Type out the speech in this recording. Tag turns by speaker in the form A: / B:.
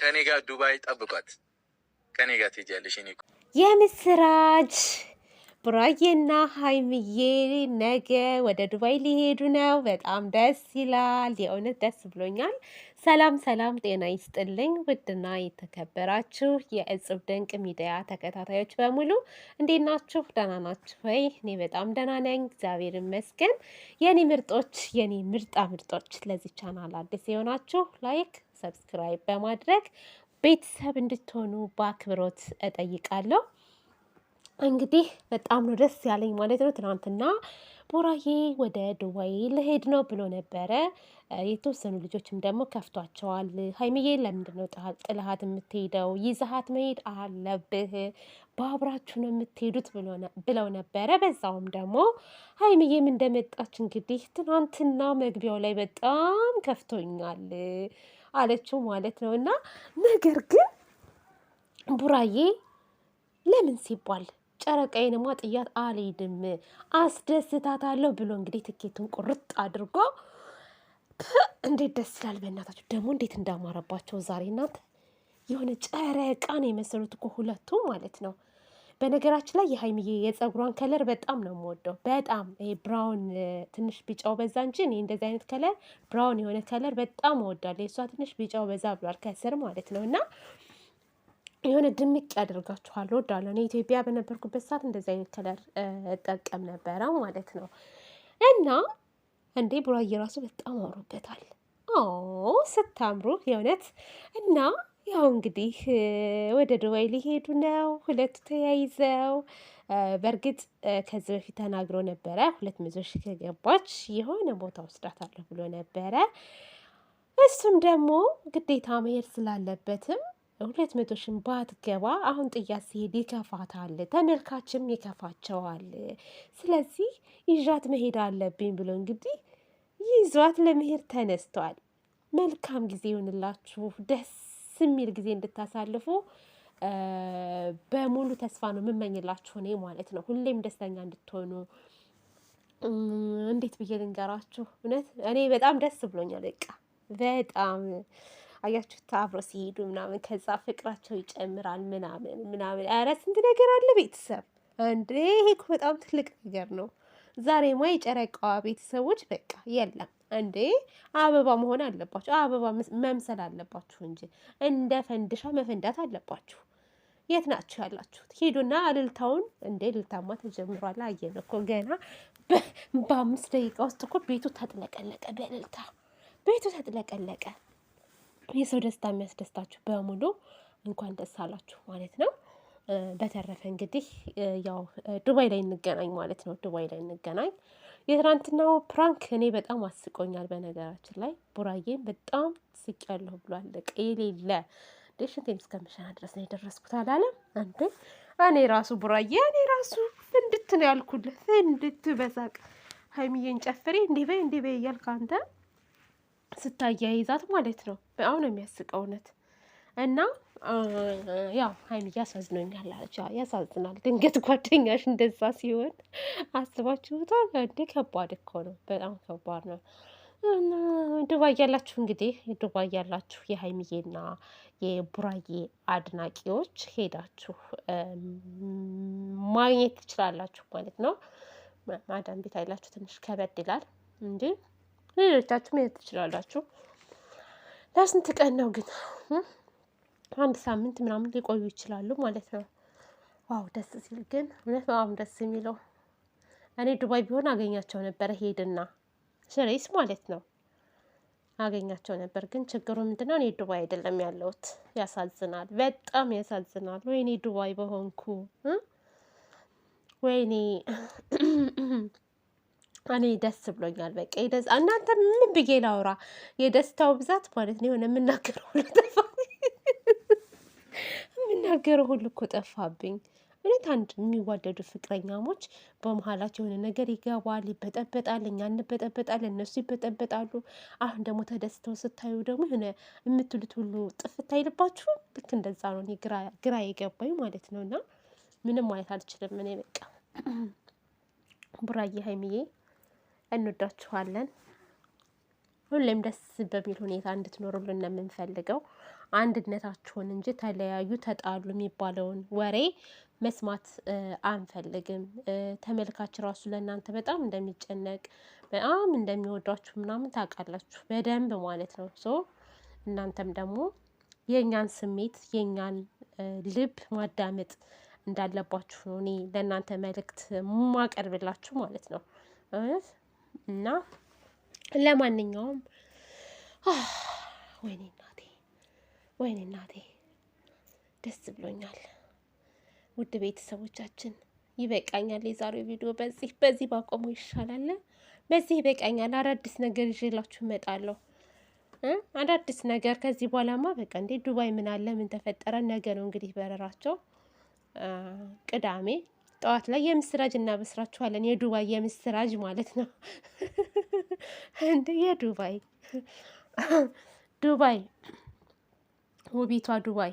A: ከኔ ጋር ዱባይ ጠብቋት፣ ከኔ ጋር ትሄጃለሽ። እኔ
B: የምስራች ቡራዬና ሀይምዬ ነገ ወደ ዱባይ ሊሄዱ ነው። በጣም ደስ ይላል። የእውነት ደስ ብሎኛል። ሰላም ሰላም፣ ጤና ይስጥልኝ ውድና የተከበራችሁ የእጽብ ድንቅ ሚዲያ ተከታታዮች በሙሉ እንዴት ናችሁ? ደህና ናችሁ ወይ? እኔ በጣም ደህና ነኝ፣ እግዚአብሔር ይመስገን። የኔ ምርጦች፣ የኔ ምርጣ ምርጦች፣ ለዚህ ቻናል አዲስ የሆናችሁ ላይክ ሰብስክራይብ በማድረግ ቤተሰብ እንድትሆኑ በአክብሮት እጠይቃለሁ። እንግዲህ በጣም ነው ደስ ያለኝ ማለት ነው። ትናንትና ቦራዬ ወደ ዱባይ ልሄድ ነው ብሎ ነበረ። የተወሰኑ ልጆችም ደግሞ ከፍቷቸዋል። ሀይሚዬ ለምንድን ነው ጥልሃት የምትሄደው? ይዘሃት መሄድ አለብህ፣ በአብራችሁ ነው የምትሄዱት ብለው ነበረ። በዛውም ደግሞ ሀይሚዬም እንደመጣች እንግዲህ ትናንትና መግቢያው ላይ በጣም ከፍቶኛል አለችው ማለት ነው። እና ነገር ግን ቡራዬ ለምን ሲባል ጨረቃዬንማ ጥያት አልሄድም አስደስታታለሁ ብሎ እንግዲህ ትኬቱን ቁርጥ አድርጎ እንዴት ደስ ይላል! በእናታችሁ ደግሞ እንዴት እንዳማረባቸው ዛሬ እናንተ የሆነ ጨረቃን የመሰሉት እኮ ሁለቱ ማለት ነው። በነገራችን ላይ የሀይሚዬ የጸጉሯን ከለር በጣም ነው የምወደው። በጣም ብራውን ትንሽ ቢጫው በዛ እንጂ እኔ እንደዚህ አይነት ከለር ብራውን የሆነ ከለር በጣም እወዳለሁ። የእሷ ትንሽ ቢጫው በዛ ብሏል ከስር ማለት ነው እና የሆነ ድምቅ ያደርጋችኋል። እወዳለሁ። እኔ ኢትዮጵያ በነበርኩበት ሰዓት እንደዚህ አይነት ከለር እጠቀም ነበረ ማለት ነው እና እንዴ ቡራዬ ራሱ በጣም አምሮበታል። ስታምሩ የእውነት እና ያው እንግዲህ ወደ ዱባይ ሊሄዱ ነው ሁለቱ ተያይዘው። በእርግጥ ከዚህ በፊት ተናግሮ ነበረ ሁለት መቶ ሺህ ከገባች የሆነ ቦታ ወስዳታለሁ ብሎ ነበረ። እሱም ደግሞ ግዴታ መሄድ ስላለበትም ሁለት መቶ ሺህ ባትገባ አሁን ጥያት ሲሄድ ይከፋታል፣ ተመልካችም ይከፋቸዋል። ስለዚህ ይዣት መሄድ አለብኝ ብሎ እንግዲህ ይዟት ለመሄድ ተነስቷል። መልካም ጊዜ ይሆንላችሁ። ደስ የሚል ጊዜ እንድታሳልፉ በሙሉ ተስፋ ነው የምመኝላችሁ እኔ ማለት ነው። ሁሌም ደስተኛ እንድትሆኑ እንዴት ብዬ ልንገራችሁ? እውነት እኔ በጣም ደስ ብሎኛል። በቃ በጣም አያችሁት፣ አብሮ ሲሄዱ ምናምን ከዛ ፍቅራቸው ይጨምራል ምናምን ምናምን። ኧረ ስንት ነገር አለ ቤተሰብ። እንዴ! ይሄ እኮ በጣም ትልቅ ነገር ነው። ዛሬ ማ የጨረቃዋ ቤተሰቦች በቃ የለም እንዴ አበባ መሆን አለባችሁ። አበባ መምሰል አለባችሁ እንጂ እንደ ፈንድሻ መፈንዳት አለባችሁ። የት ናችሁ ያላችሁት? ሂዱና እልልታውን እንዴ እልልታማ ተጀምሯል። አየን እኮ ገና በአምስት ደቂቃ ውስጥ እኮ ቤቱ ተጥለቀለቀ በእልልታ ቤቱ ተጥለቀለቀ። የሰው ደስታ የሚያስደስታችሁ በሙሉ እንኳን ደስ አላችሁ ማለት ነው። በተረፈ እንግዲህ ያው ዱባይ ላይ እንገናኝ ማለት ነው። ዱባይ ላይ እንገናኝ። የትናንትናው ፕራንክ እኔ በጣም አስቆኛል። በነገራችን ላይ ቡራዬን በጣም ስቅ ያለሁ ብሏል። በቃ የሌለ ሽንቴን እስከምሸና ድረስ ነው የደረስኩት አላለም አንተ እኔ ራሱ ቡራዬ እኔ ራሱ እንድት ነው ያልኩልህ እንድት በሳቅ ሀይሚዬን ጨፍሬ እንዴ በይ እንዴ በይ እያልክ አንተ ስታያይዛት ማለት ነው። በአሁን ነው የሚያስቀው እውነት እና ያው ሀይሚዬ አሳዝኖኛል አለች። ያሳዝናል። ድንገት ጓደኛሽ እንደዛ ሲሆን አስባችሁታል? እንደ ከባድ እኮ ነው። በጣም ከባድ ነው። እና ዱባይ ያላችሁ እንግዲህ ዱባይ ያላችሁ የሀይሚዬና የቡራዬ አድናቂዎች ሄዳችሁ ማግኘት ትችላላችሁ ማለት ነው። ማዳም ቤት አይላችሁ ትንሽ ከበድ ይላል እንጂ ሌሎቻችሁ መሄድ ትችላላችሁ። ለስንት ቀን ነው ግን? አንድ ሳምንት ምናምን ሊቆዩ ይችላሉ ማለት ነው። ዋው ደስ ሲል ግን እውነት በጣም ደስ የሚለው እኔ ዱባይ ቢሆን አገኛቸው ነበረ ሄድና ሽሬስ ማለት ነው አገኛቸው ነበር። ግን ችግሩ ምንድነው? እኔ ዱባይ አይደለም ያለሁት። ያሳዝናል፣ በጣም ያሳዝናል። ወይኔ ዱባይ በሆንኩ ወይኔ እኔ ደስ ብሎኛል። በቃ እናንተ ምን ብዬ ላውራ? የደስታው ብዛት ማለት ነው የሆነ የምናገረው ለጠፋ የምናገረው ሁሉ እኮ ጠፋብኝ። እውነት አንድ የሚዋደዱ ፍቅረኛሞች በመሀላቸው የሆነ ነገር ይገባል፣ ይበጠበጣል፣ እኛ እንበጠበጣል፣ እነሱ ይበጠበጣሉ። አሁን ደግሞ ተደስተው ስታዩ ደግሞ የሆነ የምትሉት ሁሉ ጥፍት አይልባችሁ? ልክ እንደዛ ነው። ግራ የገባኝ ማለት ነው። እና ምንም ማለት አልችልም እኔ በቃ ቡራዬ፣ ሀይሚዬ እንወዳችኋለን። ሁሌም ደስ በሚል ሁኔታ እንድትኖሩልን ነው የምንፈልገው። አንድነታችሁን እንጂ ተለያዩ፣ ተጣሉ የሚባለውን ወሬ መስማት አንፈልግም። ተመልካች ራሱ ለእናንተ በጣም እንደሚጨነቅ በጣም እንደሚወዷችሁ ምናምን ታውቃላችሁ በደንብ ማለት ነው። ሶ እናንተም ደግሞ የእኛን ስሜት የእኛን ልብ ማዳመጥ እንዳለባችሁ ነው እኔ ለእናንተ መልእክት ማቀርብላችሁ ማለት ነው እና ለማንኛውም ወይኔ እናቴ ወይኔ እናቴ ደስ ብሎኛል። ውድ ቤተሰቦቻችን ይበቃኛል። የዛሬው ቪዲዮ በዚህ በዚህ ባቆመው ይሻላል። በዚህ ይበቃኛል። አዳዲስ ነገር ይዤላችሁ እመጣለሁ። አዳዲስ ነገር ከዚህ በኋላማ በቃ እንዴ ዱባይ ምን አለ ምን ተፈጠረ? ነገ ነው እንግዲህ በረራቸው ቅዳሜ ጠዋት ላይ የምስራጅ እናበስራችኋለን። የዱባይ የምስራጅ ማለት ነው። እንደ የዱባይ ዱባይ ውቢቷ ዱባይ